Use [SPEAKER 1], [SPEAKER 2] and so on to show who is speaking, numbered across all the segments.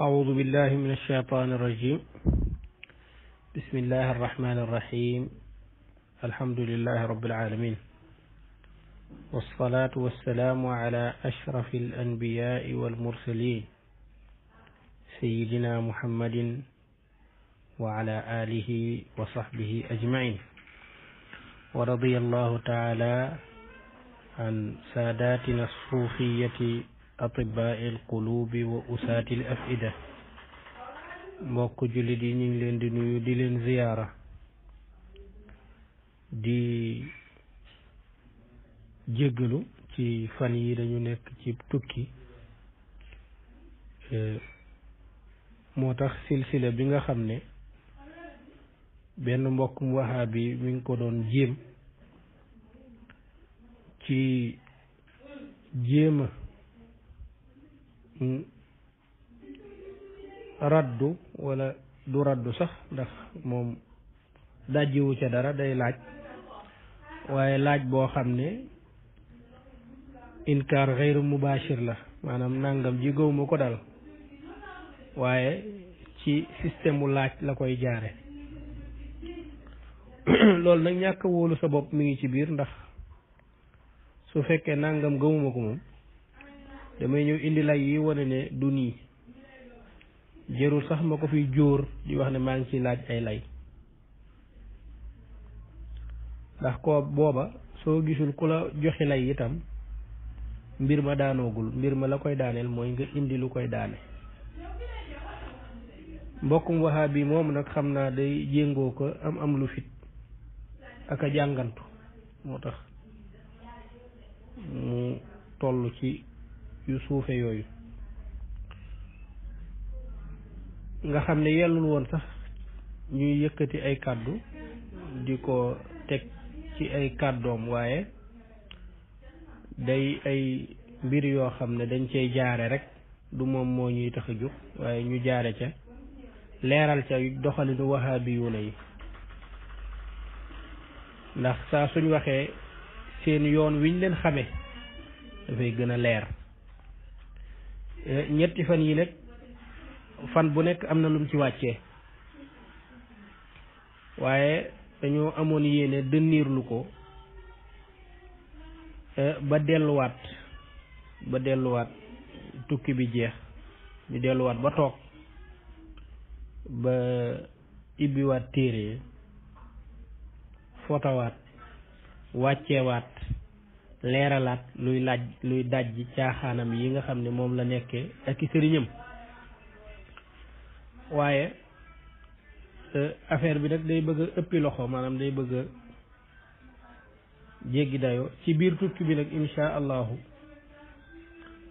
[SPEAKER 1] أعوذ بالله من الشيطان الرجيم بسم الله الرحمن الرحيم الحمد لله رب العالمين والصلاة والسلام على أشرف الأنبياء والمرسلين سيدنا محمد وعلى آله وصحبه أجمعين ورضي الله تعالى عن ساداتنا الصوفية atibaa'i alquluubi wa usaati al afida mbokk jullit yi ñu ngi leen di nuyu di leen ziyaara di jéggalu ci fan yi dañu nekk ci tukki eh, moo tax silsila bi nga xam ne benn mbokkum waxaa bi mi ngi ko doon jéem ci jéema Mm. raddu walla du raddu sax ndax moom dajjiwu ca dara day laaj waaye laaj boo xam ne inkaar xeyru mubashir la maanaam nangam ji gëw ko dal waaye ci système mu laaj la koy jaare loolu nag ñàkk wóolu sa bopp mu ngi ci biir ndax su fekkee nangam gëmuma ko moom damay ñëw indi lay yi wane ne du nii jërul sax ma ko fi jóor di wax ne maa ngi ciy laaj ay lay ndax ko booba soo gisul ku la joxi lay itam mbir ma daanoogul mbir ma la koy daaneel mooy nga indi lu koy daane mbokkum waxaa bi moom nag xam naa day jëngoo ko am am lu fit ak a jàngantu moo tax mu toll ci yu suufe yooyu nga xam ne yellul woon sax ñuy yëkkati ay kàddu di ko teg ci ay kàddoom waaye day ay mbir yoo xam ne dañ cey jaare rekk du moom moo ñuy tax a jóg waaye ñu jaare ca leeral ca doxalinu wahabiyuuna yi ndax saa suñ waxee seen yoon wiñ leen xame dafay gën a leer Eh, ñetti fan yi nag fan bu nekk am na lum ci wàcce waaye dañoo amoon yéene dënniirlu ko eh, ba delluwaat ba delluwaat tukki bi jeex ñu delluwaat ba toog ba ibbiwaat téere fotowaat wàccewaat leeralaat luy laaj luy dajji caaxaanam yi nga xam ne moom la nekkee ak i sëriñam waaye affaire bi nag day bëgg ëppi loxo maanaam day bëgg a jéggi dayoo ci biir tukki bi nag insha allahu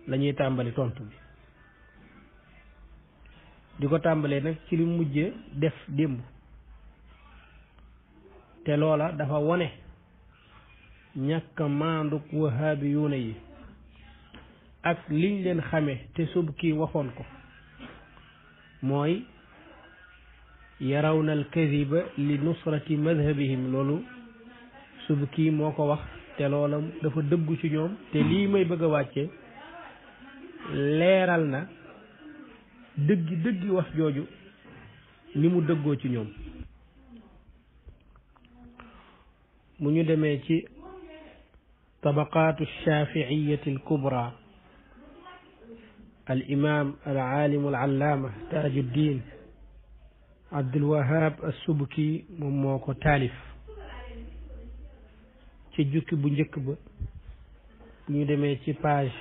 [SPEAKER 1] lañuy tàmbali tontu bi di ko tàmbalee nag ci lu mujje def démb te loola dafa wone ñàkk maanduk wahaabi yuuna yi ak liñ leen xame te sub kii waxoon ko mooy yaraw na alkadiba li nusrati madhabihim loolu sub kii moo ko wax te loola dafa dëggu ci ñoom te lii may bëgg a wàcce leeral na dëggi dëggi wax jooju ni mu dëggoo ci ñoom mu ñu demee ci طبقات الشافعية الكبرى الإمام العالم العلامة تاج الدين عبد الوهاب السبكي moom moo ko taalif ci jukki bu njëkk ba ñu demee ci page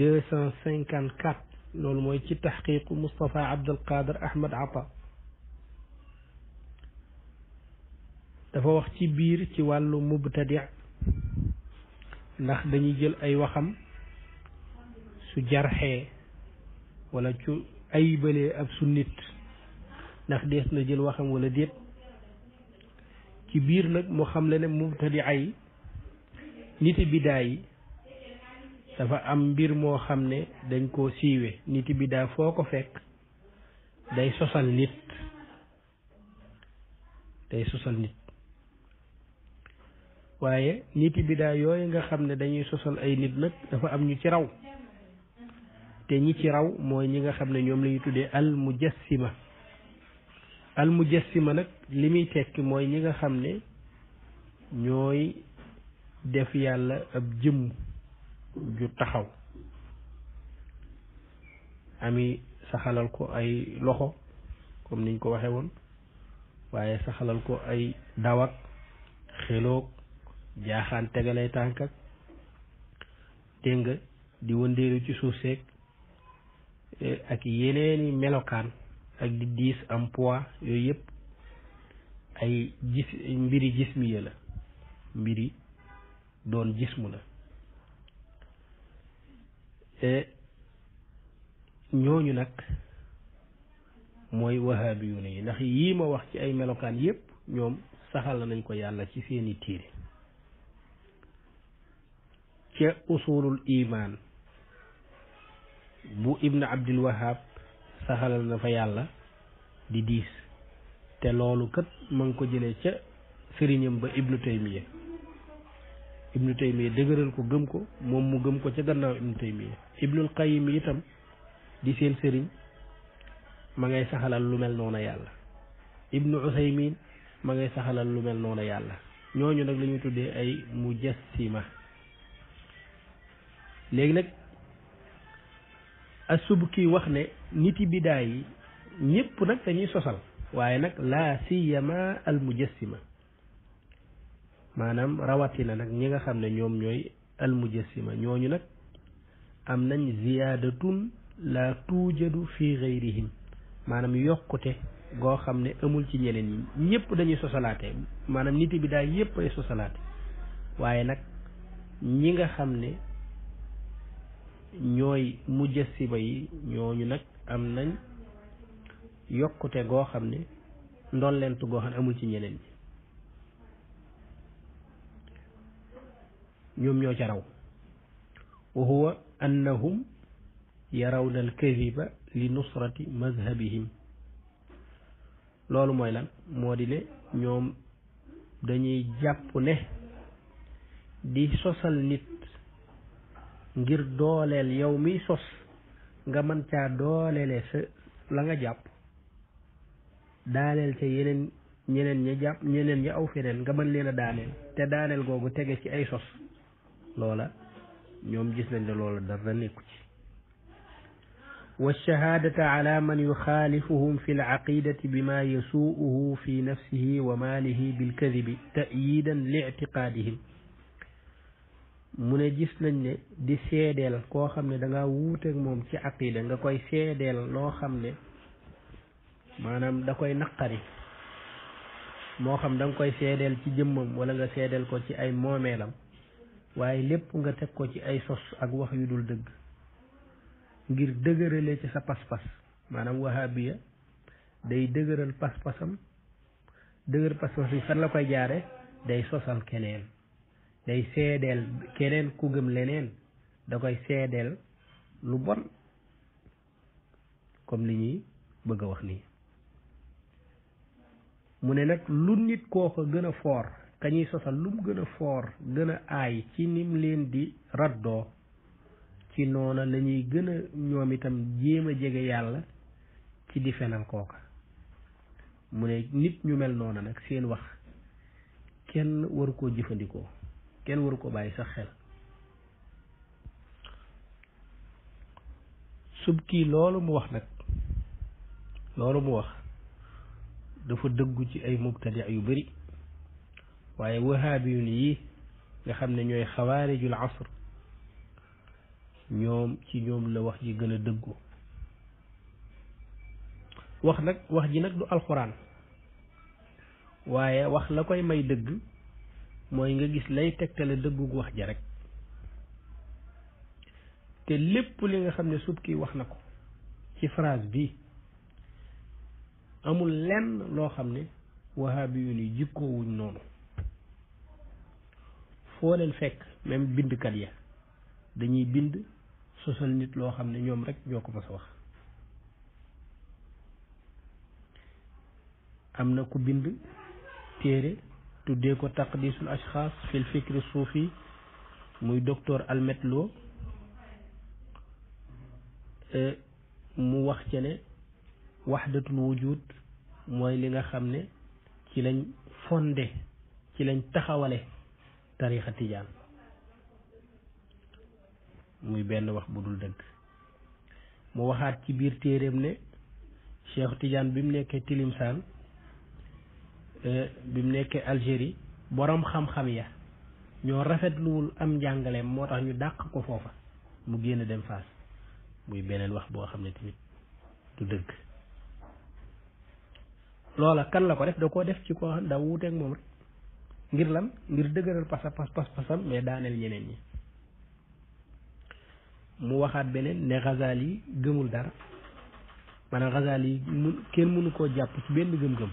[SPEAKER 1] deux cent cinquante quatre loolu mooy ci taxqiqu Moustapha Abdul Qadir Ahmed Atta dafa wax ci biir ci wàllu mubtadi' ndax dañuy jël ay waxam su jarxee wala cu ayibalee ak su nit ndax dees na jël waxam walla déet ci biir nag mu xam le ne mubtadi ay niti bidaa yi dafa am mbir moo xam ne dañ koo siiwe niti bidaa foo ko fekk day sosal nit day sosal nit waaye niti bidaa yooyu nga xam ne dañuy sosal ay nit nag dafa am ñu ci raw te ñi ci raw mooy ñi nga xam ne ñoom la tuddee al mujassima al mujassima nag li muy tekki mooy ñi nga xam ne ñooy def yàlla ab jëmm ju taxaw ami saxalal ko ay loxo comme niñ ko waxe woon waaye saxalal ko ay dawak xeloog jaaxaan tegalay tànk ak dégg nga di wëndeelu ci suuf seeg eh, ak yeneeni melokaan ak di diis am poids yooyu yëpp ay gis mbiri jismiya la mbiri doon mu la eh, ñooñu nag mooy wahaabi yu ne yi ndax yii ma wax ci ay melokaan yëpp ñoom saxal nañ ko yàlla ci seeni tiire ca usulul imaan bu ibn abdil wahab saxalal na fa yàlla di diis te loolu kat ma ngi ko jëlee ca sëriñam ba ibnu taymiya ibnu taymiya dëgëral ko gëm ko moom mu gëm ko ca gannaaw ibnu taymiya ibnul qayim itam di seen sëriñ ma ngay saxalal lu mel noona yàlla ibnu usaymin ma ngay saxalal lu mel noona yàlla ñooñu nag la tuddee ay mujassima léegi nag Asubki wax ne nit yi bidaa yi ñëpp nag dañuy sosal waaye nag laa siyama al mujassima maanaam rawatina nag ñi nga xam ne ñoom ñooy al mujassima ñooñu nag am nañ ziyaadatun la tuujadu fi gayrihim maanaam yokkute goo xam ne amul ci ñeneen ñi ñëpp dañuy sosalaate maanaam nit yi bidaa yëpp ay sosalaate waaye nag ñi nga xam ne ñooy mujjasiba yi ñooñu nag am nañ yokkute goo xam ne ndollentu goo xam ne amul ci ñeneen ñi ñoom ñoo ca raw wa huwa annahum yarawna alkadiba li nusrati madhabihim loolu mooy lan moo di ne ñoom dañuy jàpp ne di sosal nit ngir dooleel yow miy sos nga mën caa dooleele la nga jàpp daaneel ca yeneen ñeneen ña jàpp aw feneen nga mën leen a daaneel te daaneel googu tege ci ay sos loola ñoom gis nañ ne loola dara nekku ci wa yu ala man yuxaalifuhum bi alcaqidati bima yasuuhu fi nafsihi wa maalihi bilkadibi tayidan li ictiqaadihim mu ne gis nañ ne di seedeel koo xam ne danga ngaa moom ci ak aqida nga koy seedeel loo xam ne maanaam da koy naqari moo xam danga koy seedeel ci jëmmam walla nga seedeel ko ci ay moomeelam waaye lépp nga teg ko ci ay sos ak wax yu dul dëgg ngir dëgërale ci sa pas-pas maanaam wahabiya day dëgëral pas-pasam dëgër pas-pas bi fan la koy jaare day sosal keneen day seedeel keneen ku gëm leneen da koy seedeel lu bon comme li ñuy bëgg a wax nii mu ne nag lu nit kooka gën a foor ka ñuy sosal lu mu gën a foor gën a ay ci nim leen di raddoo ci noona la gën a ñoom itam jéem a jege yàlla ci di fenal kooka mu ne nit ñu mel noona nag seen wax kenn waru koo jëfandikoo kenn waru ko bàyyi sax xel sub kii loolu mu wax nag loolu mu wax dafa dëggu ci ay mubtadi yu bari waaye wahaabiyun yi nga xam ne ñooy xawaarijul asr ñoom ci ñoom la wax ji gën a dëggu wax nag wax ji nag du alxuraan waaye wax la koy may dëgg mooy nga gis lay tegtale dëggu wax ja rek te lépp li nga xam ne subki wax na ko ci phrase bi amul lenn loo xam ne wahaabi yu ni jikkoowuñ noonu foo leen fekk même bindkat ya dañuy bind sosal nit loo xam ne ñoom rek ñoo ko mas a wax am na ku bind téere tuddee ko taqdisul ashxaas fil fikri suufi muy docteur Almet Lo e, mu wax ci ne waxdatul wujud mooy li nga xam ne ci lañ fondé ci lañ taxawale tarixa tijaan muy benn wax bu dul dëgg mu waxaat ci biir téeréem ne Cheikh Tijaan bi mu nekkee Tilimsaan bi mu nekkee Algérie boroom xam-xam ya ñoo rafetluwul am njàngaleem moo tax ñu dàq ko foofa mu génn dem Fass muy beneen wax boo xam ne tamit du dëgg loola kan la ko def da koo def ci ko xam daa wuuteeg moom rek ngir lam ngir dëgëral pasa pas pas pasam mais daaneel ñeneen ñi mu waxaat beneen ne Ghazali yi gëmul dara maanaam Ghazali yi mun kenn mënu koo jàpp ci benn gëm-gëm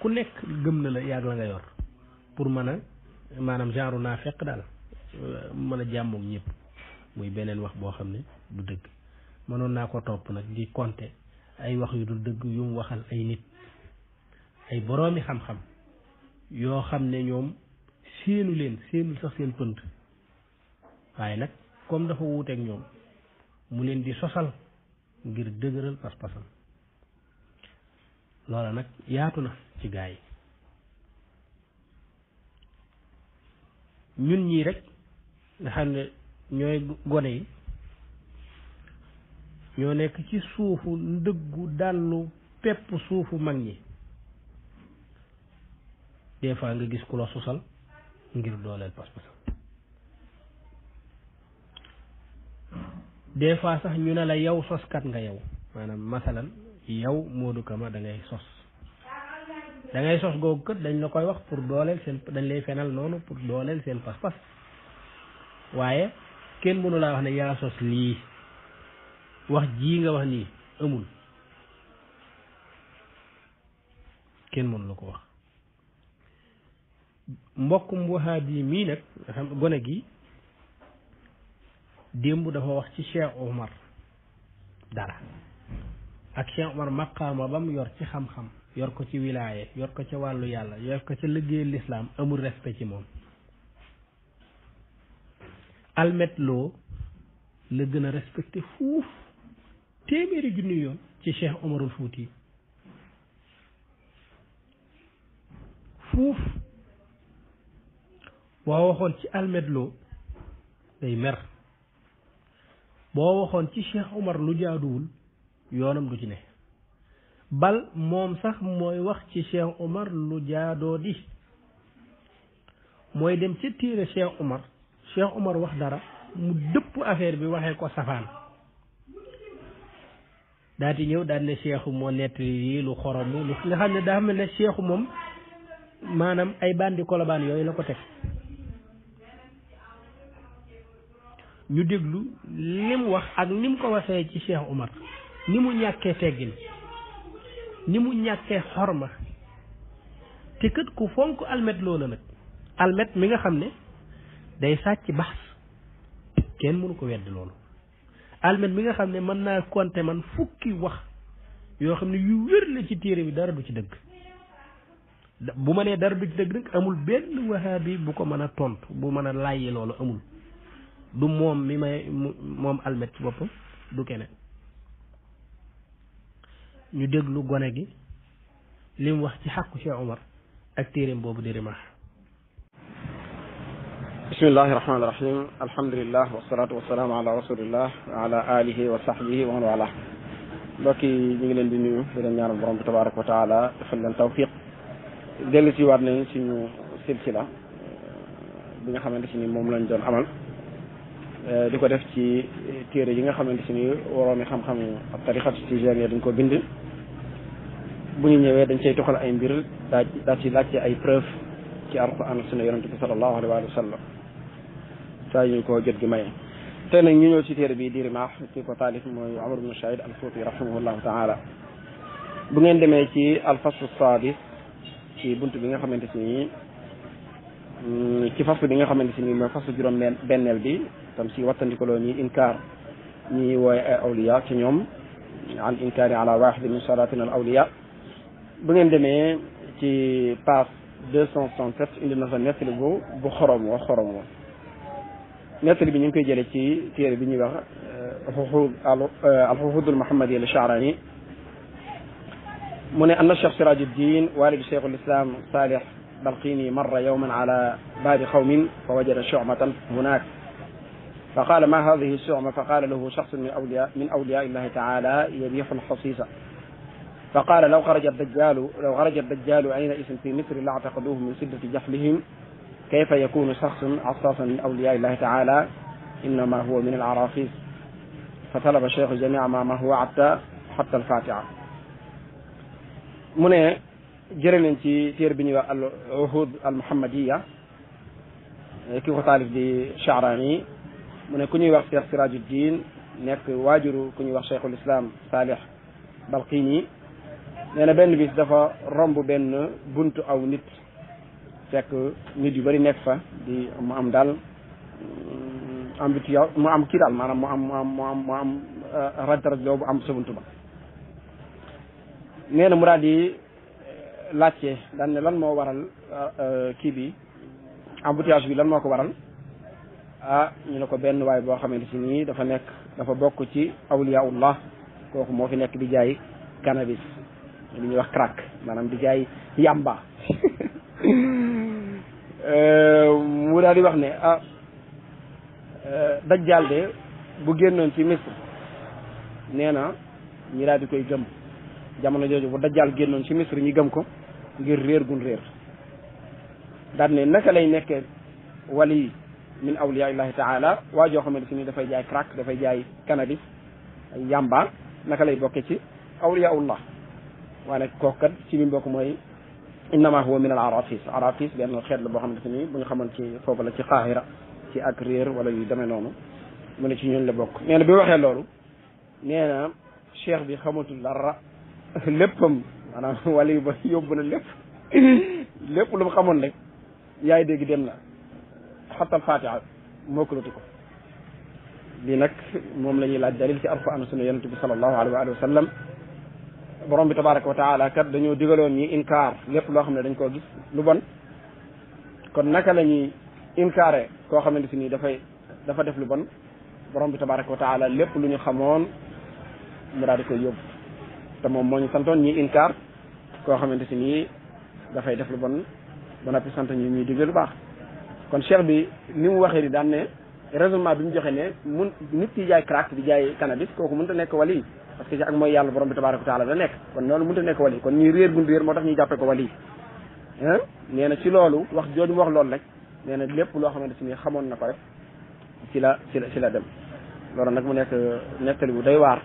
[SPEAKER 1] ku nekk gëm na la yàgg la nga yor pour mën a maanaam genre naa fekk daal mën a jàmmoog ñëpp muy beneen wax boo xam ne du dëgg mënoon naa ko topp nag di compter ay wax yu dul dëgg yu mu waxal ay nit ay boroomi xam-xam yoo xam ne ñoom séenu leen seenu sax seen pënt waaye nag comme dafa wuuteeg ñoom mu leen di sosal ngir dëgëral pas-pasam loola nag yaatu na ci gaa yi ñun ñii rek nga xam ne ñooy gone yi ñoo nekk ci suufu ndëggu dàllu pepp suufu mag ñi des fois nga gis ku la susal ngir dooleel pas-pasam fois sax ñu ne la yow soskat nga yow maanaam masalan yow Modou Kama da ngay sos da ngay sos googu kët dañ la koy wax pour dooleel seen dañ lay fenal noonu pour dooleel seen pas-pas waaye kenn mënu laa wax ne yaa sos lii wax jii nga wax nii amul kenn mënu la ko wax mbokkum waxaat yi mii nag nga xam gone gi démb dafa wax ci Cheikh Omar dara ak Cheikh Omar maqaama ba mu yor ci xam-xam yor ko ci wilaaye yor ko ca wàllu yàlla yor ko ca liggéey lislaam amul respect ci moom almet loo la gën a respecté fuuf téeméeri junni yoon ci Cheikh Omarul Fuuti fuuf boo waxoon ci almet loo day mer boo waxoon ci Cheikh Omar lu jaaduwul yoonam du ci ne bal moom sax mooy wax ci Cheikh Omar lu jaadoo di mooy dem ca téere Cheikh Omar Cheikh Omar wax dara mu dëpp affaire bi waxee ko safaan daati ñëw daal ne Cheikhu moo nett lii xam ne daa mel ne moom maanaam ay bandi kolobaan yooyu la ko teg ñu déglu lim wax ak nim ko waxee ci Cheikh Omar ni mu ñàkkee teggin ni mu ñàkkee xorma te kët ku fonk almet loola nag almet mi nga xam ne day sàcc bax kenn mënu ko weddi loolu almet mi nga xam ne mën naa konte man fukki wax yoo xam ne yu wér la ci téere bi dara du ci dëgg bu ma nee dara du ci dëgg nag amul benn wahaabi bu ko mën a tontu bu mën a làyyi loolu amul du moom mi may moom almet ci bopp du keneen ñu déglu gone gi li mu wax ci xàqu Cheikh Omar ak téeréem boobu di Rimah
[SPEAKER 2] bismillahi rahmaani rahim alhamdulilah wasalaatu wasalaamu ala rasulillah wa ala alihi wa sahbihi wa man wala mbokk yi ñu ngi leen di nuyu di leen ñaanal borom bi tabaraka wa taala defal leen tawfiq dellu ci waat nañ suñu silsila eh, bi nga xamante si ni moom lañ doon amal eh, di ko def ci téere yi nga xamante si ni waroon xam-xam ab tarixat ci tijaniya dañ ko bind bu ñu ñëwee dañ cay toxal ay mbir daa daa ci laajte ay preuve ci alquran sunna yonent bi sallallahu alayhi wa sallam saa yu ko jot gi maye tey nag ñu ñëw ci téere bi di rimaax ci ko taalif mooy amar bnu shahid alfuuti rahimahullahu taala bu ngeen demee ci alfasl sadis ci bunt bi nga xamante si nii ci fas bi nga xamante si nii mooy fas juróom benneel bi tam si wattandikoloo ñi inkaar ñi wooye ay awliya ci ñoom an inkaari ala waxidin min salatin al awliya bu ngeen demee ci page deux cent soixante-sept indi na fa nettali bu bu xorom wa xorom wa nettali bi ñu ngi koy jëlee ci téere bi ñuy wax euh, alxuxud alxuxudul euh, muhammadiya al-Sha'rani mu ne anna Cheikh Siraj Uddin walid Cheikh al-Islam Salih Balqini marra yawman ala baabi qawmin fa wajada shu'matan hunaak fa qaala ma haadihi shu'ma fa qaala lahu shakhsun min awliyaa min awliyaa Illaahi ta'aalaa yabiihu al-xasiisa fa qaala law xaraja addajaalu law xaraja addajaalu ayna isin fi misri la actaqiduhu min siddati jaxlihim kayfa yakunu saxsun assaasan min awliyaa illahi taala innama huwa min alaraafis fa talaba cheikhu jamia ma ma huwa atta hatta alfatiha mu ne jëre nañ ci téer bi ñuy wax al uhud al muhammadiya ki ko taalif di Chaaraani mu ne ku ñuy wax Cheikh Sirajuddin nekk waajuru ku ñuy wax cheikhul islam Saalih Balqini nee na benn bis dafa romb benn buntu aw nit fekk nit yu bari nekk fa di mu am daal ambition mm, mu am kii daal maanaam mu am mu am mu am mu am raj raj bu am sa buntu ba nee na mu daal di euh, laajte daan ne lan moo waral euh, kii bi embouteillage bi lan moo ko waral ah ñu ne ko benn waay boo xamante si nii dafa nekk dafa bokk ci awliyaullah kooku moo fi nekk di jaay cannabis li ñuy wax crack maanaam di jaay yàmba euh, mu daal di wax ne ah euh, dajjaal de bu génnoon ci misr nee na ñi daal di koy gëm jamono jooju bu dajjaal génnoon ci misr ñi gëm ko ngir réer gun réer daal ne naka lay nekkee wali min awliya illahi taala waa joo xamante ni dafay jaay crack dafay jaay cannabis yàmba naka lay bokke ci awliyaullah waaye nag ci biir mbokk mooy innama huwa min al arafis arafis benn xeet la boo xamante ni bu ñu xamoon ci foofu la ci xaahira ci ak réer wala yu demee noonu mu ne ci ñun la bokk nee na bi waxee loolu nee na cheikh bi xamatul dara léppam maanaam wala yu ba yóbbu na lépp lépp lu mu xamoon rek yaay dégg dem na xatal fatiha mokkalatu ko lii nag moom la ñuy laaj dalil ci alquran sunna yonente bi salallahu alayhi wa alihi wa sallam borom bi tabaraka wa taala kat dañoo digaloon ñi inkaar lépp loo xam ne dañ koo gis lu bon kon naka lañuy ñuy inkaare koo xamante si nii dafay dafa def lu bon borom bi tabaraka wa lépp lu ñu xamoon mu daal di te moom moo ñu santoon ñi koo xamante si nii dafay def lu bon noppi sant ñi ñuy digal lu baax kon cheikh bi ni mu waxee ni daan ne raisonnement bi mu joxe ne mun nit ki jaay crack di jaay cannabis kooku mënut a nekk wali parce que ci ak mooy yàlla borom bi tabaraka wa taala la nekk kon noonu mënut a nekk wali kon ñuy réer gun réer moo tax ñuy jàppe ko wali nee na ci loolu wax jooju mu wax loolu rek nee na lépp loo xamante si ni xamoon na ko rek ci la ci la ci la dem loolu nag mu nekk euh, nekkali bu doy waar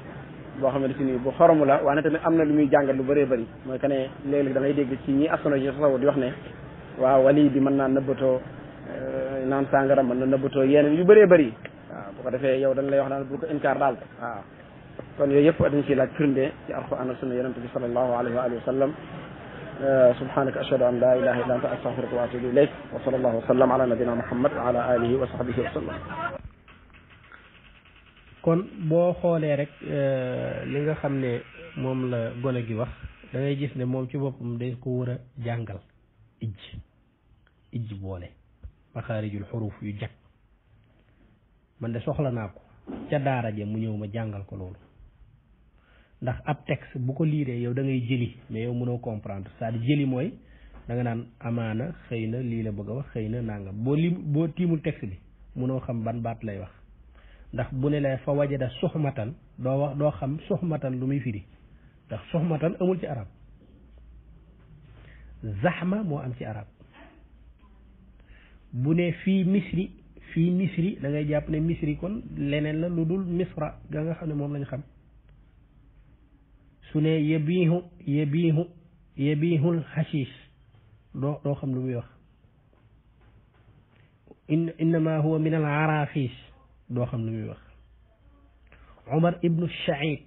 [SPEAKER 2] boo xamante si ni bu xoromu la waaye tamit am na lu muy jàngat lu baree bari mooy que ne léeg-léeg da ngay dégg ci ñi asono yi di wax ne waaw wali bi mën naa nëbbatoo euh, naan sàngara mën na nëbbatoo yeneen yu bëree bëri waaw defee yow dañ lay wax naan bul daal kon yooyu yëpp dañ ciy laaj firnde ci alquran ak sunna yonente bi salallahu alayhi wa alihi wa sallam euh, subhanaka ashhadu an la ilaha illa anta astaghfiruka wa atubu ilayk wa sallallahu wa sallam ala nabina muhammad wa ala alihi wa sahbihi wa sallam
[SPEAKER 1] kon boo xoolee rek euh, li nga xam ne moom la gone gi wax da ngay gis ne moom ci boppam day ko war a jàngal ij ij boole maxaarijul xuruuf yu jag man de soxla naa ko ca daara ja mu ñëw ma jàngal ko loolu ndax ab texte bu ko liiree yow da ngay jëli mais yow mënoo comprendre c'est-à-dire jëli mooy danga nga naan amaana xëy na lii la bëgg a wax xëy na nangam boo li boo tiimul texte bi mënoo xam ban baat lay wax ndax bu ne la fa wajada suxmatan doo wax doo xam suxmatan lu muy firi ndax suxmatan amul ci arab zaxma moo am ci arab bu ne fii misri fii misri da ngay jàpp ne misri kon leneen la lu dul misra ga nga xam ne moom lañ xam su ne yebiihu yebiihu yebihul xashish doo doo xam lu muy wax in innama huwa min al araafiis doo xam lu muy wax omar ibnu shaib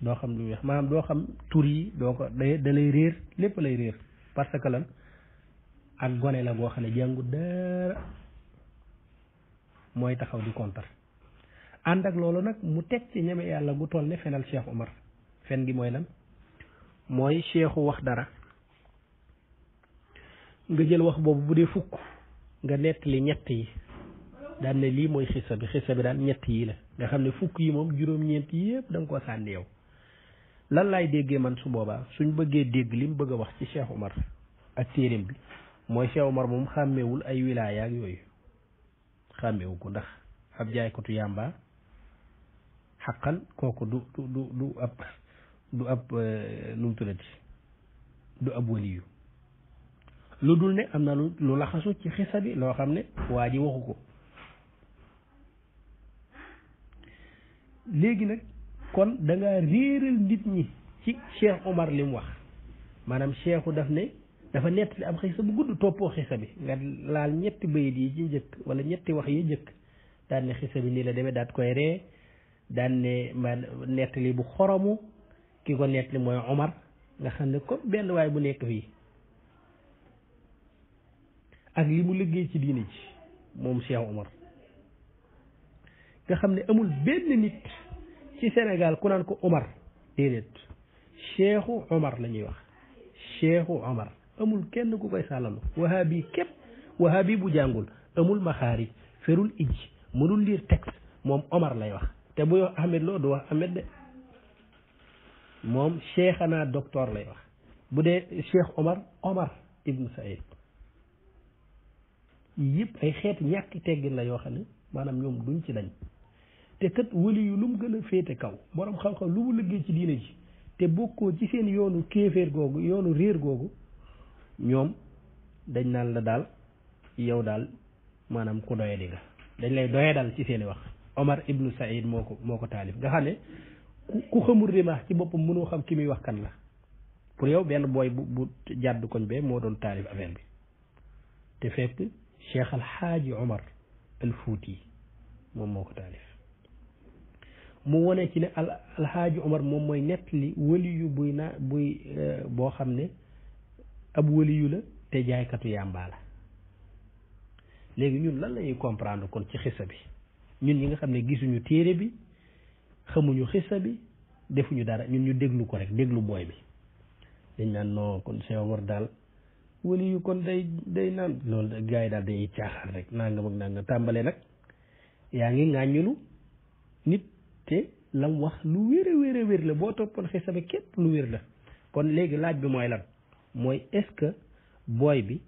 [SPEAKER 1] doo xam lu muy wax maanaam doo xam tur yi doo ko da da réer lépp lay réer parce que lan ak gone la goo xam ne jàngu dara mooy taxaw di kontar ànd ak loolu nag mu teg ci ñeme yàlla gu toll ne fenal Cheikh Omar fen gi mooy lan mooy seexu wax dara nga jël wax boobu bu dee fukk nga nettali ñett yi daan ne lii mooy xissa bi xissa bi daal ñett yi la nga xam ne fukk yi moom juróom-ñeent yëpp da ko koo sànni yow lan laay déggee man su boobaa suñ bëggee dégg li mu bëgg a wax ci seexu mar ak téereem bi mooy Cheikh mar moom xàmmewul ay wilaya ak yooyu xàmmewu ko ndax ab jaaykatu yàmba xaqan kooku du du du ab du ab euh, nu du ab waliyu lu dul ne am na lu laxasu ci xisa bi loo xam ne waa ji waxu ko léegi nag kon danga ngaa réeral nit ñi ci Cheikh Omar li wax maanaam cheikhu daf ne dafa nettali am xisa bu gudd toppoo xisa bi nga laal ñetti bayit yi ci njëkk wala ñetti wax yi njëkk daan ne xisa bi nii la deme daat koy ree daan ne ma nettali bu xoromu ki ko nettali mooy Omar nga xam ne comme benn waay bu nekk fii ak li mu liggéey ci diini ji moom Cheikh Omar nga xam ne amul benn nit ci Sénégal ku naan ko Omar déedéet Cheikhu Omar la ñuy wax Cheikhu Omar amul kenn ku koy sàllalu wahabi képp wahabi bu jàngul amul maxaarij ferul ij mënul lire texte moom Omar lay wax te bu wax Ahmed du wax Ahmed de moom cheikhana docteur lay wax bu dee cheikh Omar Omar Ibn Saïd yëpp ay xeeti ñàkk teggi la yoo xam ne maanaam ñoom duñ ci dañ te kët wali yu lu mu gën a féete kaw borom xam-xam lu mu liggéey ci diine ji te bokkoo ci seen yoonu kéeféer googu yoonu réer googu ñoom dañ naan la daal yow daal maanaam ku doye di nga dañ lay doye ci seen wax Omar Ibn Saïd moo ko moo ko taalif nga xam ne ku xamul rimaax ci boppam mënoo xam ki muy wax kan la pour yow benn booy bu bu jàdd koñ bee moo doon taalif affaire bi te fekk cheikh alxaaji omar al fuuti moom moo ko taalif mu wone ci ne al alxaaji omar moom mooy nettali waliyu buy naa buy euh, boo xam ne ab waliyu la te jaaykatu yàmbaa la léegi ñun lan lañuy comprendre kon ci xisa bi ñun ñi nga xam ne gisuñu téere bi xamuñu xissa bi defuñu dara ñun ñu déglu ko rek déglu booy bi dañ naan non kon Cheikh daal wali kon day day naan loolu gars yi daal day caaxaan rek nangam ak nangam tàmbale nag yaa ngi ŋàññulu nit te lam wax lu wér a wér la boo toppoon xissa bi képp lu wér la kon léegi laaj bi mooy lan mooy est-ce que booy bi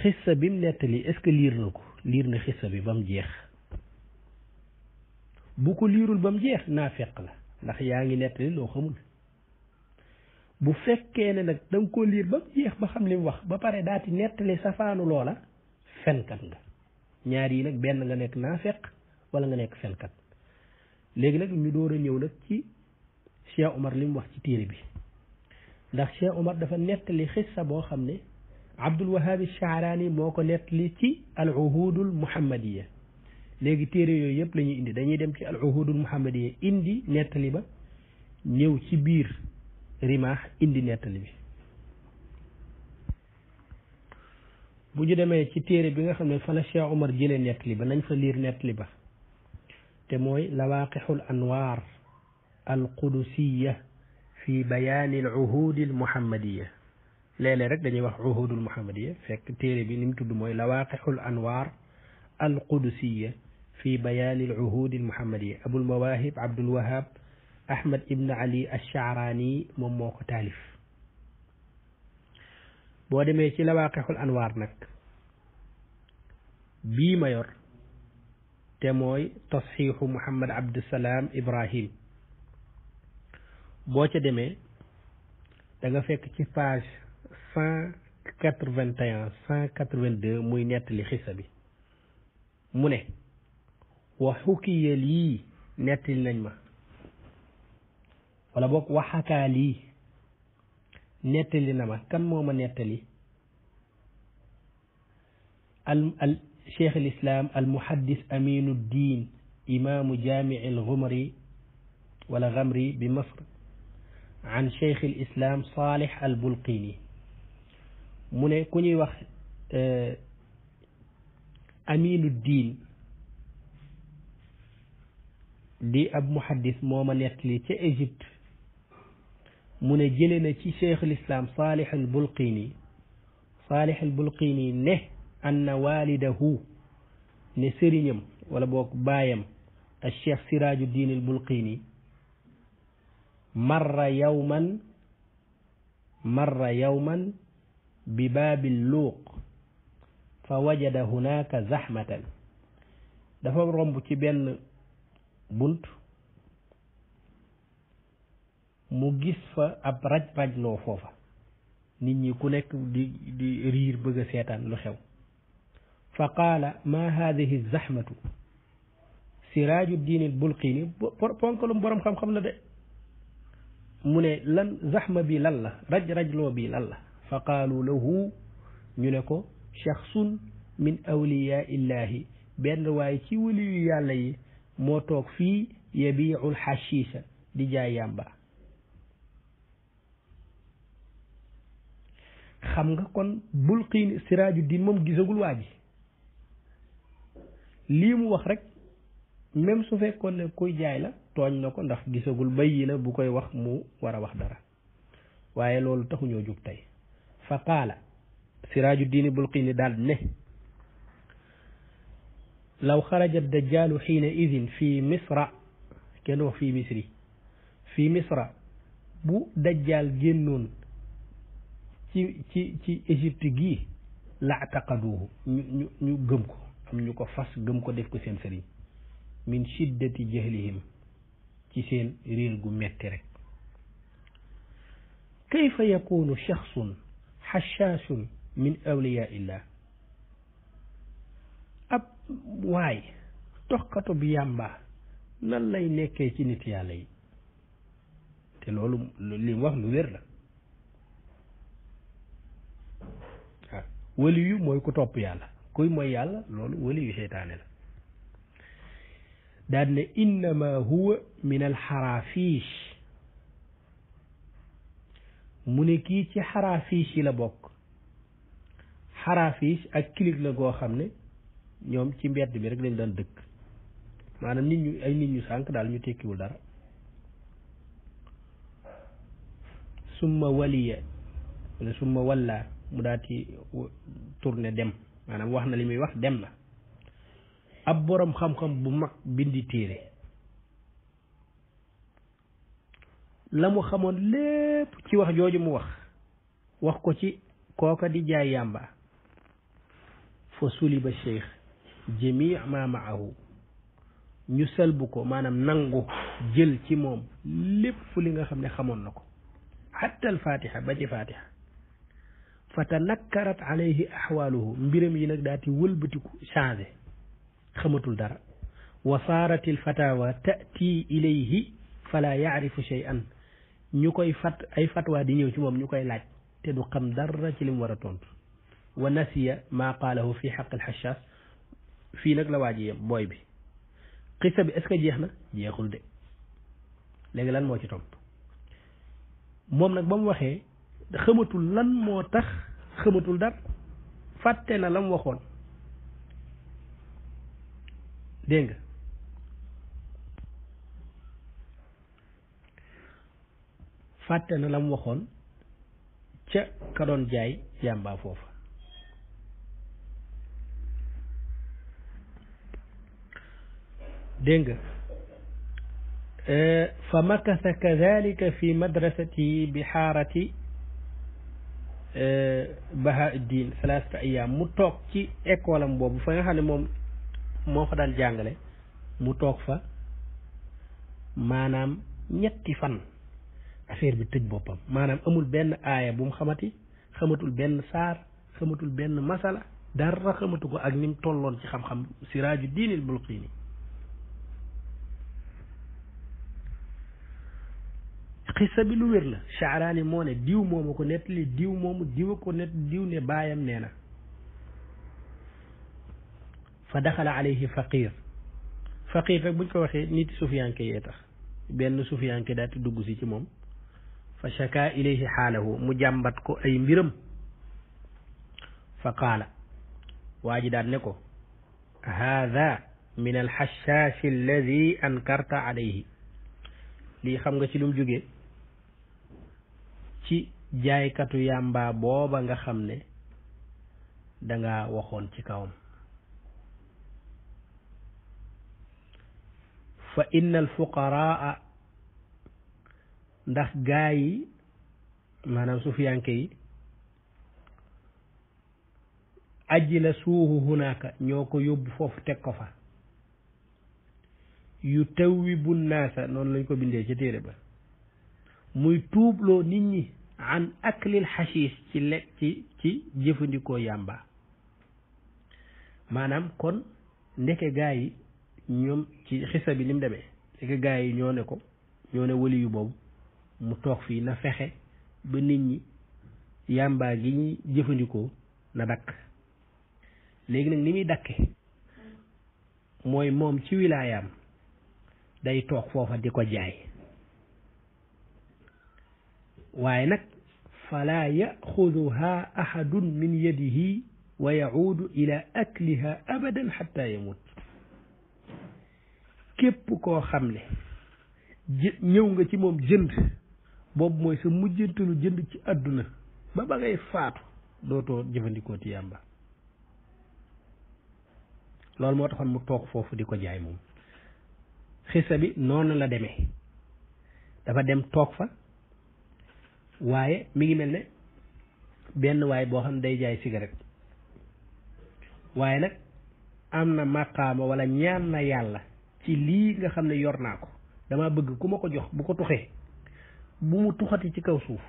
[SPEAKER 1] xissa bi mu nettali est-ce que liir na ko liir na xissa bi ba mu jeex bu ko liirul ba mu jeex naa feq la ndax yaa ngi nettali loo xamul bu fekkee ne nag da ko liir ba mu jeex ba xam li mu wax ba pare daati nettali safaanu loola fenkat nga ñaar yi nag benn nga nekk naa feq wala nga nekk fenkat léegi nag ñu door a ñëw nag ci Cheikh Omar li mu wax ci téere bi ndax Cheikh Omar dafa nettali sa boo xam ne Abdul Wahab Shaaraani moo ko nettali ci al uhudul muhammadiya léegi téere yooyu yëpp lañuy indi dañuy dem ci al uhudul indi nettali ba ñëw ci biir rimaax indi nettali bi bu ñu demee ci téere bi nga xam ne fa la Cheikh Omar jëlee ba nañ fa liir nettali ba te mooy lawaaqixul anwaar al qudusiya fi bayaani al uhudi al muhammadiya dañuy wax uhudul muhammadiya fekk téere bi ni tudd mooy lawaaqixul anwaar al qudusiya fi bayaani al-uhud al-muhammadiyya abul mawaahib abdul wahab ahmad ibn ali ash-sha'rani moom moo ko taalif boo demee ci lawaaqixul anwaar nag bii ma yor te mooy tasxiixu muhammad abdusalaam ibrahim boo ca demee da nga fekk ci page cent quatre-vingt-un cent quatre-vingt-deux muy nettali xisa bi mu ne wa xukiya lii nettil nañ ma wala boog waxakaa lii nettali na ma kan moo ma nettali al al cheikh al islam al muhaddis aminu diin imaamu jaamici al xumri wala xamri bi masr an cheikh al islam salih al bulqini mu ne ku ñuy wax eh, aminu diin di ab muhaddis moo ma nettali ca Égypte mu ne jële na ci cheikhul islam saalih al bulqini saalih al bulqini ne anna walidahu ne sëriñam wala boog baayam a cheikh siraaju diin al bulqini marra yawman marra bi baabi luuq fa wajada hunaka zahmatan bunt mu gis fa ab raj rajloo foofa nit ñi ku nekk di riir bëgg a seetaan lu xew fa qaala ma hadihi zahmatu siraaju diin al bulqini ponkalum borom xam-xam la de mu ne lan zahma bi lan la raj rajloo bi lan la fa qaalu lahu ñu ne ko shaxsun min awliyaa illahi benn waaye ci waliyu yàlla yi moo toog fii yabiul xashiisha di jaay yàmba xam nga kon bul xiin siraaju din moom gisagul waa ji lii mu wax rek même su fekkoon ne kuy jaay la tooñ na ko ndax gisagul bayyi na bu koy wax mu war a wax dara waaye loolu taxuñoo jug tey fa qaala siraaju diin bul xiini daal ne law xaraja dajaalu xiina idin fii misra kenn wax fii misri fii misra bu dajjaal génnoon ci ci ci égypte gii laataqaduuhu ñu ñu ñu gëm ko am ñu ko fas gëm ko def ko seen sëriñ min shiddati jahlihim ci seen réer gu metti rek kayfa yakunu shaxsun xachaachun min awliyaa illah waay toxkatu bi yàmba nan lay nekkee ci nit yàlla yi te loolu li wax lu wér la waaw ah, wali yu mooy ku topp yàlla kuy mooy yàlla loolu wali yu seytaane la daan innama huwa min xaraafiish mu ne kii ci xaraafiish yi la bokk xaraafiish ak kilig la goo xam ne ñoom ci mbedd bi rek dañ daan dëkk maanaam nit ñu ay nit ñu sànq daal ñu tekkiwul dara suma waliya suma summa walla mu daal di tourné dem maanaam wax na li muy wax dem na ab boroom xam-xam bu mag bindi téere la mu xamoon lépp ci wax jooju mu wax wax ko ci kooka di jaay yàmba fa suli ba cheikh jamii ma maahu ñu sëlbu ko maanaam nangu jël ci moom lépp li nga xam ne xamoon na ko xatta alfatiha ba ci fatiha fa tanakkarat alayhi axwaaluhu mbiram yi nag daati wëlbatiku changé xamatul dara wa saarat alfatawa taati ilayhi fala yaarifu cheyan ñu koy fat ay fatwa di ñëw ci moom ñu koy laaj te du xam dara ci li war a tontu wa nasiya maa qaalahu fi xaq alxachaas fii nag la waa ji yem booy bi xisa bi est jeex na jeexul de léegi lan moo ci topp moom nag ba mu waxee xamatul lan moo tax xamatul dara fàtte na la mu waxoon dégg fàtte na la mu waxoon ca ka doon jaay yàmbaa foofa dégg nga eh, fa makasa kadalika fi madrasatihi bi xaarati eh, bahauddin salaasata ayam mu toog ci école am boobu fa nga xam ne moom moo fa daan jàngale mu toog fa maanaam ñetti fan affaire bi tëj boppam maanaam amul benn aaya bu mu xamati xamatul benn saar xamatul benn masala dara xamatu ko ak ni mu tolloon ci xam-xam siraaju diinil bulqiini xissa bi lu wér la Sha'raani moo ne diw moomu diw ko nett diw ne baayam nee na fa daxala alayhi faqir faqir rek buñ ko waxee nit sufiyanke yee benn sufiyanke daal di dugg si ci moom fa shaka ilayhi xaalahu mu jàmbat ko ay mbiram fa qaala waa ji daal ne ko haada min alxashaashi alladi ankarta alayhi lii xam nga ci lu mu jaaykatu yàmba booba nga xam ne danga waxoon ci kawam fa inna al fuqaraa ndax gaa yi maanaam sufiyanke yi aji la suuhu hunaaka ñoo ko yóbbu foofu teg ko fa yu tawwi bu naasa noonu lañ ko bindee ca téere ba muy tuubloo nit ñi an aklil xasiis ci lekk ci ci jëfandikoo yàmba maanaam kon ndeke gaa yi ñoom ci xisa bi ni mu demee ndeke gaa yi ñoo ne ko ñoo ne wali yu boobu mu toog fii na fexe ba nit ñi yàmba gi ñuy jëfandikoo na dakk léegi nag ni muy dakke mooy moom ci wilaayam day toog foofa di ko jaay waaye nag fala yaxuduha ahadun min yadihi wa yacuudu ila akliha abadan xatta yamut képp koo xam ne ñëw nga ci moom jënd boobu mooy sa mujjantalu jënd ci àdduna ba ba ngay faatu dootoo jëfandikoo ci yàmba loolu moo taxoon mu toog foofu di ko jaay moom xisa bi noonu la deme dafa dem toog fa waaye mi ngi mel ne benn waay boo xam ne day jaay cigarette waaye nag am na màqaama wala ñaan na yàlla ci lii nga xam ne yor naa ko damaa bëgg ku ma ko jox bu ko toxee bu mu tuxati ci kaw suuf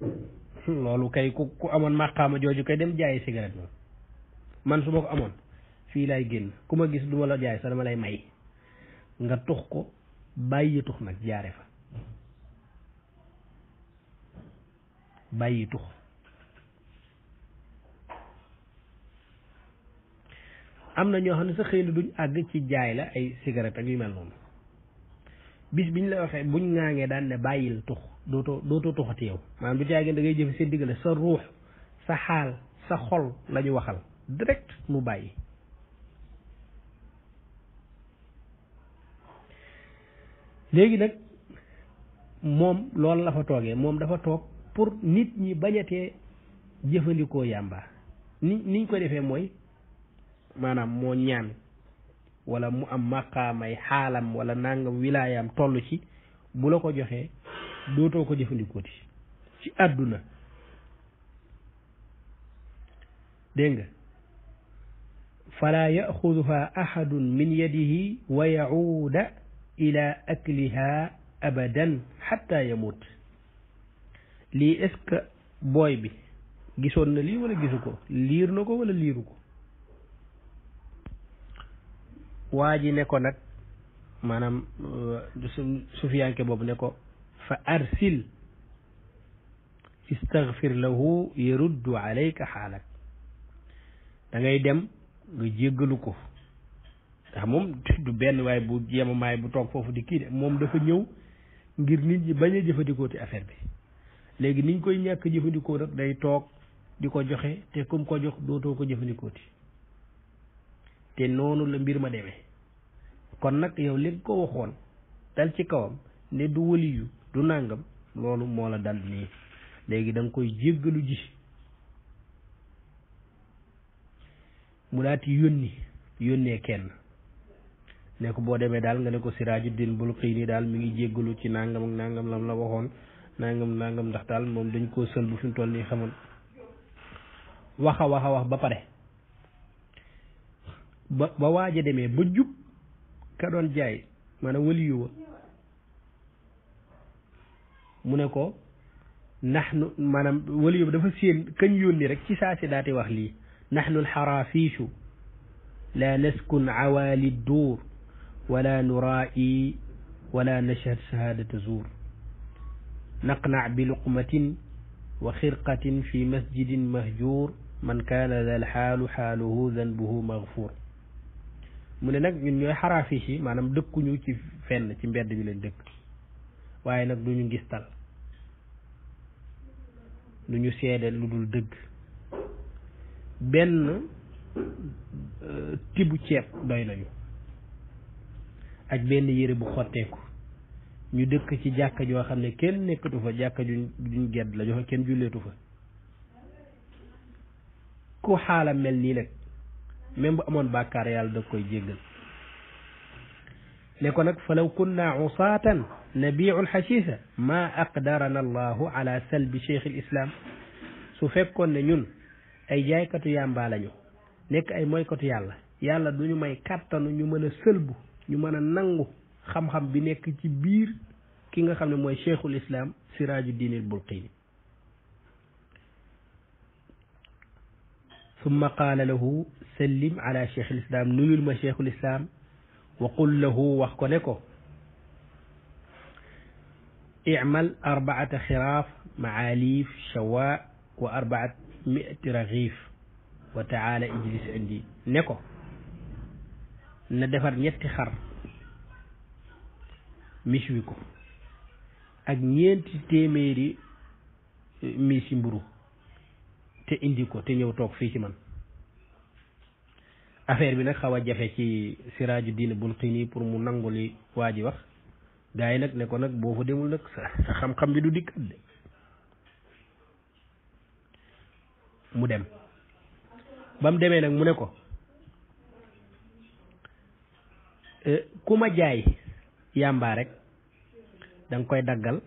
[SPEAKER 1] hmm, loolu kay ku ku amoon màqaama jooju kay dem jaayi cigarette moom man su ma ko amoon fii laay génn ku ma gis du ma la jaay sax dama lay may nga tux ko bàyyi tux nag jaare fa bàyyi tux am na ñoo xam ne sa xëy na duñ àgg ci jaay la ay cigarette ak yu mel noonu bis biñ la waxee buñ ŋaangee daan ne bàyyil tux dootoo dootoo tuxati yow maanaam du jaagee da ngay jëfe seen diggale sa ruux sa xaal sa xol la waxal direct mu bàyyi léegi nag moom loolu la fa toogee moom dafa toog pour nit ñi bañatee jëfandikoo yàmba ni niñ ko defee mooy maanaam moo ñaan wala mu am maqaamay xaalam wala nangam wilaayam toll ci bu la ko joxee dootoo ko jëfandikooti ci àdduna dégg nga falaa yaxuduha ahadun min yadihi wa yacuuda ila akliha abadan xatta yamut lii est-ce que booy bi gisoon na lii wala gisu ko liir na ko wala liiru ko waa ji ne ko nag maanaam euh, su sufiyanke boobu ne ko fa arsil istaghfir lahu yaruddu alayka xaalak da dem nga jéggalu ko ndax moom du benn waaye bu yemamaay bu toog foofu di kii de moom dafa ñëw ngir nit ñi bañ a jëfandikoo ci affaire bi léegi niñ koy ñàkk jëfandikoo nag day toog di ko joxe te kum ko jox doo ko jëfandikooti te noonu la mbir ma demee kon nag yow li ko waxoon dal ci kawam ne du waliyu du nàngam loolu moo la dal nii léegi da koy jéggalu ji mu daati yónni yónnee kenn ne boo demee daal nga ne ko Sirajuddin Bulqini daal mi ngi jéggalu ci nàngam ak nàngam lam la waxoon nangam nangam ndax daal moom dañ ko sël bu fi mu toll nii xamoon wax a wax ba pare ba ba waaj a demee ba jub ka doon jaay maanaam waliyu mu ne ko nax nu maanaam waliyu ba dafa séen kañ yónni rek ci saa si daati wax li naxnu alxaraafiisu la naskun awaali duur wala nuraa'i wala nashhad shahadata zuur naq naa bi luqmatin wa xirqatin fi masjidin mahjur man kaana dal xaalu xaaluhu zanbuhu maghfur mu ne nag ñun ñooy xaraafi maanaam dëkkuñu ci fenn ci mbedd bi lañ dëkk waaye nag du ñu ngistal du ñu seede lu dul dëgg benn euh, tibu ceeb doy nañu ak benn yére bu xotteeku ñu dëkk ci jàkka joo xam ne kenn nekkatu fa jàkka juñ juñ gedd la joxe kenn julleetu fa ku xaala mel nii rek même bu amoon bàkkaar yàlla da koy jéggal ne ko nag falaw kunna usaatan nabiu lxasiisa ma aqdarana allahu ala salbi cheikh al su fekkoon ne ñun ay jaaykatu yàmbaa lañu nekk ay moykatu yàlla yàlla du ñu may kàttanu ñu mën a sëlbu ñu mën a nangu xam-xam bi nekk ci biir ki nga xam ne mooy cheikhul islam siraaju diinil bulqiini summa qaala lahu sallim ala cheikhul islam nuyul ma cheikhul islam wa qul lahu wax ko ne ko imal arbaata xiraaf maalif shawa wa arbaat miati raxiif wa taala ijlis indi ne ko na defar ñetti xar mis wi ko ak ñeenti téeméeri eh, mis yi mburu te indi ko te ñëw toog fii ci man affaire bi nag xaw a jafe ci siraaju diine bulqini pour mu nangu li waa ji wax gaa yi nag ne ko nag boo fa demul nag sa xam-xam bi du dikkat de mu dem ba mu demee nag mu ne ko eh, ku ma jaay yàmbaa rek da koy daggal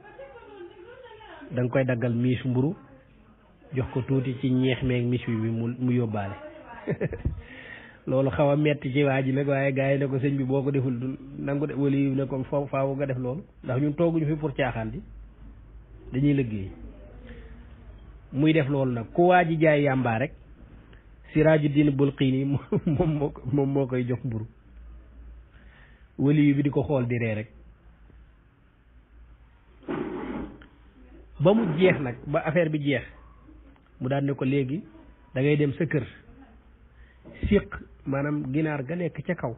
[SPEAKER 1] da koy daggal miis mburu jox ko tuuti ci ñeex meeg miis bi mu mu yóbbaale loolu xaw a metti ci waa ji nag waaye gaa yi ne ko sëñ bi boo ko deful du nangu de wala yi ne faw faawu nga def loolu ndax ñun tooguñu fi pour caaxaan dañuy liggéey muy def loolu nag ku waa ji jaay yàmbaa rek siraaju diin bulqiin yi moom moo moom moo koy jox mburu waliyu bi di ko xool di ree rek ba mu jeex nag ba affaire bi jeex mu daan ne ko léegi dangay dem sa kër siq maanaam ginaar ga nekk ca kaw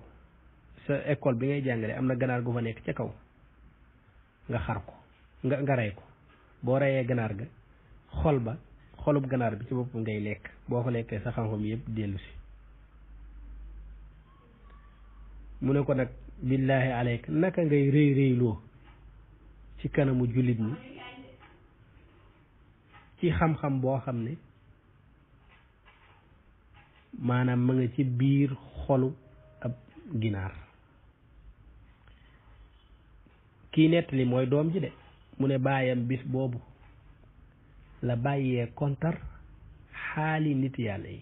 [SPEAKER 1] sa école bi ngay jàngale am na ganaar gu fa nekk ca kaw nga xar ko nga nga rey ko boo reyee ganaar ga xol ba xolub ganaar bi ci bopp ngay lekk boo ko nekkee sa xam-xam yëpp dellu si mu ne ko nag billaahi aleyk naka ngay réy réyloo ci kanamu jullit ñi ci xam-xam boo xam ne maanaam ma nga ci biir xolu ab ginaar kii li mooy doom ji de mu ne baayam bis boobu la bàyyee kontar xaali nit yàlla yi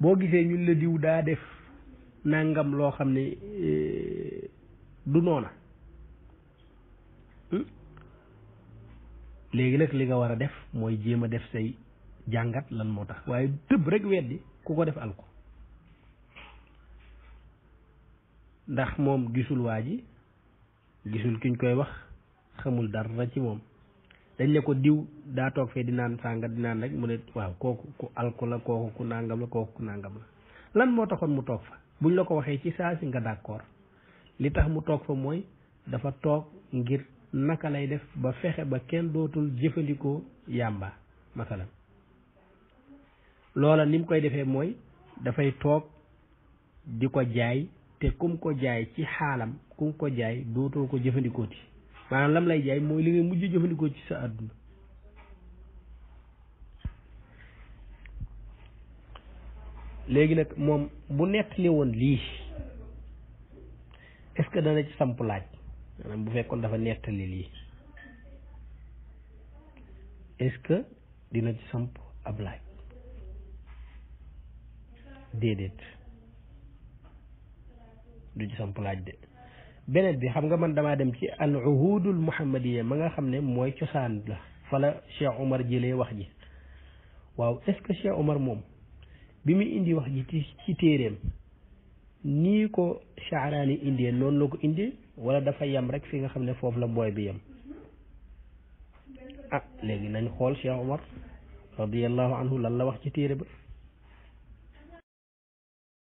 [SPEAKER 1] boo gisee ñun la diw daa def nangam loo xam ne e, du noona hmm? léegi nag li nga war a def mooy jéem a def say jàngat lan moo tax waaye tëb rek weddi ku ko def al ko ndax moom gisul waa ji gisul kiñ koy wax xamul dara ci moom dañ ne ko diw daa toog fee di naan sànga di naan rek mu ne waaw kooku ku alko la kooku ku nàngam la kooku ku nàngam la lan moo taxoon mu toog fa buñ la ko waxee ci saa si nga d'accord li tax mu toog fa mooy dafa toog ngir naka lay def ba fexe ba kenn dootul jëfandikoo yàmba masalan loola ni mu koy defee mooy dafay toog di ko jaay te kum ko jaay ci xaalam kum ko jaay dootoo ko jëfandikoo ci maanaam lam lay jaay mooy li nga mujj jëfandikoo ci sa àdduna léegi nag moom bu nettali woon lii est-ce que dana ci samp laaj maanaam bu fekkoon dafa nettali lii est-ce que dina ci samp ab laaj déedéet du ci samp laaj de beneen bi xam nga man damaa dem ci al uhudul muhammadiya ma nga xam ne mooy cosaan la fala Cheikh Omar jële wax ji waaw est-ce Omar moom bi muy indi wax ji ci ci téeréem nii ko Sha'raani indee noonu la ko indi wala dafa yem rek fi nga xam ne foofu la booy bi yem ah léegi nañ xool Cheikh Omar radiyallahu anhu lan la wax ci téere ba